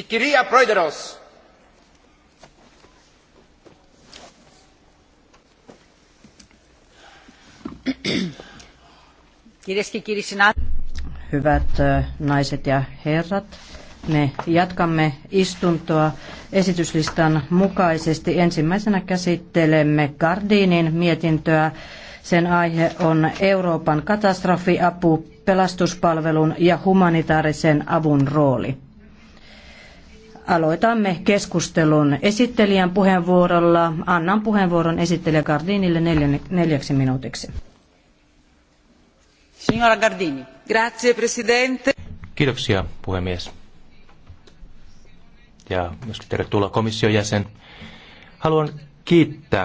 Η κυρία Πρόεδρος. Hyvät naiset ja herrat, me jatkamme istuntoa esityslistan mukaisesti. Ensimmäisenä käsittelemme Gardinin mietintöä. Sen aihe on Euroopan katastrofiapu, pelastuspalvelun ja humanitaarisen avun rooli. Aloitamme keskustelun esittelijän puheenvuorolla. Annan puheenvuoron esittelijä Gardinille neljäksi minuutiksi. Signora Gardini. Grazie, presidente. Kiitoksia, puhemies. Ja myöskin tervetuloa komission jäsen. Haluan kiittää